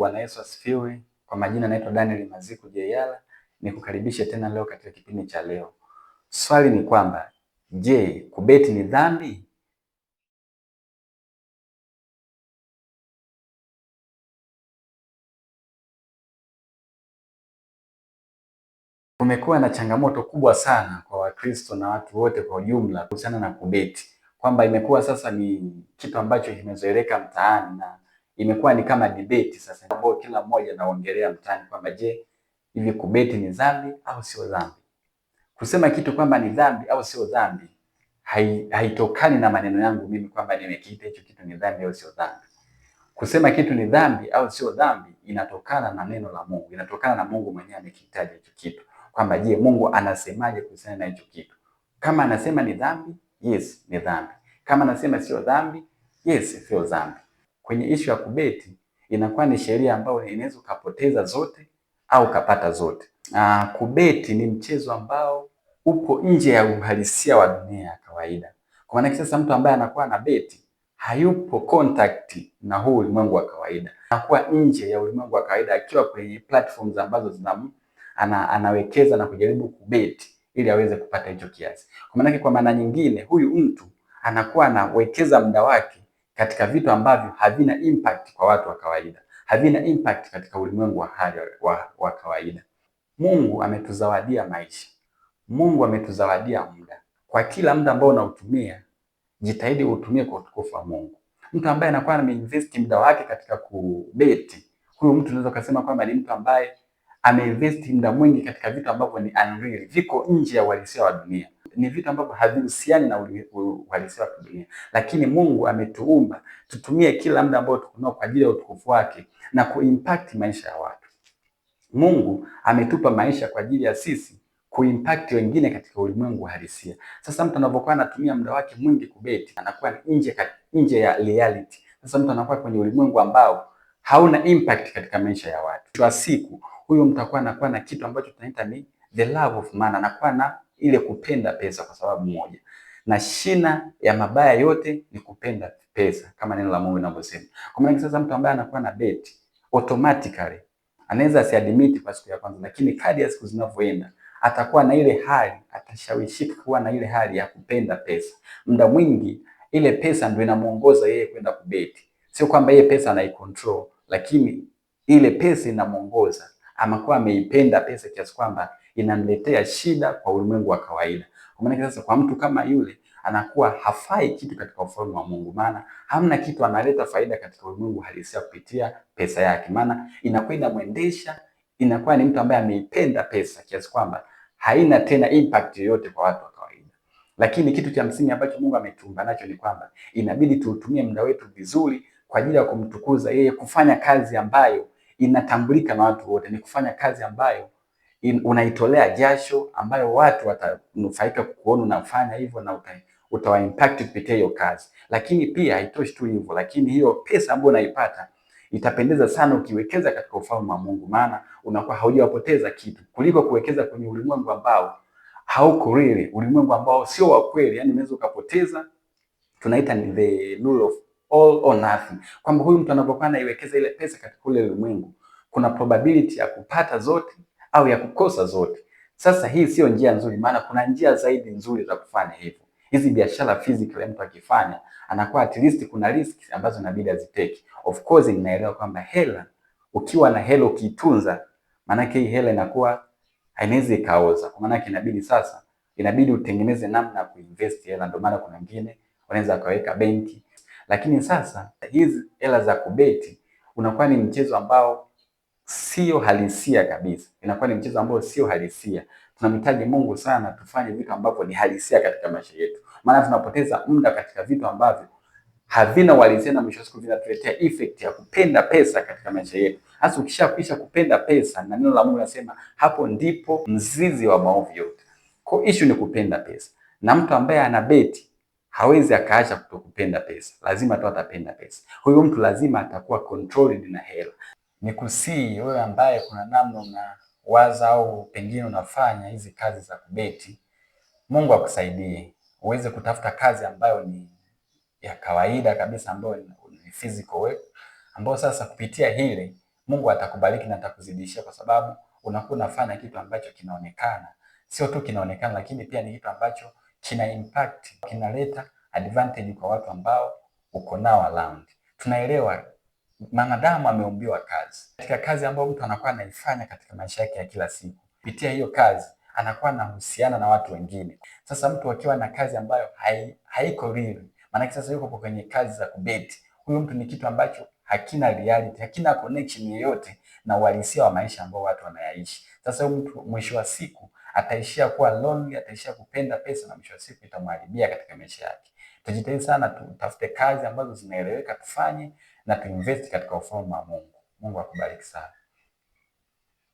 Bwana Yesu asifiwe. Kwa majina naitwa Daniel Maziku Jeyala, nikukaribishe tena leo katika kipindi cha leo. Swali ni kwamba je, kubeti ni dhambi? Kumekuwa na changamoto kubwa sana kwa Wakristo na watu wote kwa ujumla kuhusiana na kubeti, kwamba imekuwa sasa ni kitu ambacho kimezoeleka mtaani na imekuwa ni kama debate sasa, ambao kila mmoja anaongelea mtaani kwamba je, hivi kubeti ni dhambi au sio dhambi? Kusema kitu kwamba ni dhambi au sio dhambi haitokani hai na maneno yangu mimi kwamba nimekiita hicho kitu ni dhambi au sio dhambi. Kusema kitu ni dhambi au sio dhambi inatokana na neno la Mungu, inatokana na Mungu mwenyewe amekitaja hicho kitu kwamba je, Mungu anasemaje kuhusiana na hicho kitu. Kama anasema ni dhambi, yes ni dhambi. Kama anasema sio dhambi, yes sio dhambi kwenye ishu ya kubeti inakuwa ni sheria ambayo inaweza ukapoteza zote au ukapata zote. Aa, kubeti ni mchezo ambao upo nje ya uhalisia wa dunia ya kawaida. Kwa maana sasa mtu ambaye anakuwa na beti hayupo contact na huu ulimwengu wa kawaida, anakuwa nje ya ulimwengu wa kawaida akiwa kwenye platforms ambazo zina ana, anawekeza na kujaribu kubeti ili aweze kupata hicho kiasi. Kwa maana kwa maana nyingine, huyu mtu anakuwa anawekeza muda wake katika vitu ambavyo havina impact kwa watu wa kawaida, havina impact katika ulimwengu wa hali wa, wa kawaida. Mungu ametuzawadia maisha, Mungu ametuzawadia muda. Kwa kila muda ambao unautumia, jitahidi utumie kwa utukufu wa Mungu. Mtu ambaye anakuwa ameinvest muda wake katika kubeti, huyo mtu unaweza kusema kwamba ni mtu ambaye ameinvest muda mwingi katika vitu ambavyo ni unreal, viko nje ya uhalisia wa dunia ni vitu ambavyo havihusiani na uhalisia wa kidunia, lakini Mungu ametuumba tutumie kila muda ambao tuko kwa ajili ya utukufu wake na kuimpact maisha ya watu. Mungu ametupa maisha kwa ajili ya sisi kuimpact wengine katika ulimwengu halisia. Sasa mtu anapokuwa anatumia muda wake mwingi kubeti, anakuwa nje nje ya reality. Sasa mtu anakuwa kwenye ulimwengu ambao hauna impact katika maisha ya watu. Kwa siku huyo mtakuwa anakuwa na kitu ambacho tunaita ni the love of man, anakuwa na ile kupenda pesa kwa sababu moja, na shina ya mabaya yote ni kupenda pesa kama neno la Mungu linavyosema. Kwa maana sasa mtu ambaye anakuwa na debt automatically anaweza asiadmit kwa siku ya kwanza, lakini kadri ya siku zinavyoenda atakuwa na ile hali, atashawishika kuwa na ile hali ya kupenda pesa. Muda mwingi ile pesa ndio inamuongoza yeye kwenda kubeti, sio kwamba yeye pesa anaicontrol, lakini ile pesa inamuongoza. Amakuwa ameipenda pesa kiasi kwamba inamletea shida kwa ulimwengu wa kawaida. Kwa maana sasa, kwa mtu kama yule anakuwa hafai kitu katika ufalme wa Mungu, maana hamna kitu analeta faida katika ulimwengu halisia kupitia pesa yake, maana inakuwa inamwendesha, inakuwa ni mtu ambaye ameipenda pesa kiasi kwamba haina tena impact yoyote kwa watu wa kawaida. Lakini kitu cha msingi ambacho Mungu ametumba nacho ni kwamba inabidi tuutumie muda wetu vizuri kwa ajili ya kumtukuza yeye, kufanya kazi ambayo inatambulika na watu wote, ni kufanya kazi ambayo in, unaitolea jasho ambayo watu watanufaika kukuona unafanya hivyo na uta, utawa impact kupitia hiyo kazi. Lakini pia haitoshi tu hivyo, lakini hiyo pesa ambayo unaipata itapendeza sana ukiwekeza katika ufalme wa Mungu, maana unakuwa haujawapoteza kitu kuliko kuwekeza kwenye ulimwengu ambao hauko really, ulimwengu ambao sio wa kweli. Yani unaweza ukapoteza, tunaita ni the rule of all or nothing, kwamba huyu mtu anapokuwa anaiwekeza ile pesa katika ule ulimwengu, kuna probability ya kupata zote au ya kukosa zote. Sasa hii sio njia nzuri, maana kuna njia zaidi nzuri za kufanya hivyo. Hizi biashara physical mtu akifanya anakuwa at least kuna risks ambazo inabidi aziteki. Of course ninaelewa kwamba hela, ukiwa na hela ukiitunza, maanake hii hela inakuwa haiwezi ikaoza, kwa maana inabidi sasa, inabidi utengeneze namna ya kuinvest hela. Ndio maana kuna wengine wanaweza kaweka benki, lakini sasa hizi hela za kubeti unakuwa ni mchezo ambao sio halisia kabisa, inakuwa ni mchezo ambao sio halisia. Tunamhitaji Mungu sana tufanye vitu ambavyo ni halisia katika maisha yetu, maana tunapoteza muda katika vitu ambavyo havina uhalisia na mwisho siku vinatuletea effect ya kupenda pesa katika maisha yetu. Hasa ukishakwisha kupenda pesa, na neno la Mungu linasema hapo ndipo mzizi wa maovu yote. Kwa issue ni kupenda pesa, na mtu ambaye ana beti hawezi akaacha kutokupenda pesa, lazima tu atapenda pesa. Huyo mtu lazima atakuwa controlled na hela ni kusii wewe ambaye kuna namna unawaza au pengine unafanya hizi kazi za kubeti, Mungu akusaidie uweze kutafuta kazi ambayo ni ya kawaida kabisa, ambayo ni physical work, ambayo sasa kupitia hile Mungu atakubariki na atakuzidishia, kwa sababu unakuwa unafanya kitu ambacho kinaonekana, sio tu kinaonekana, lakini pia ni kitu ambacho kina impact, kinaleta advantage kwa watu ambao uko nao around. Tunaelewa Mwanadamu ameumbiwa kazi. Katika kazi ambayo mtu anakuwa anaifanya katika maisha yake ya kila siku, kupitia hiyo kazi anakuwa anahusiana na watu wengine. Sasa mtu akiwa na kazi ambayo hai, haiko real, maanake sasa yuko kwenye kazi za kubeti, huyo mtu ni kitu ambacho hakina reality, hakina connection yoyote na uhalisia wa maisha ambao watu wanayaishi. Sasa huyo mtu mwisho wa siku ataishia kuwa lonely, ataishia kupenda pesa na mwisho wa siku itamharibia katika maisha yake. Tujitahidi sana tutafute kazi ambazo zinaeleweka, tufanye na tuinvest katika ufalme wa Mungu. Mungu akubariki sana.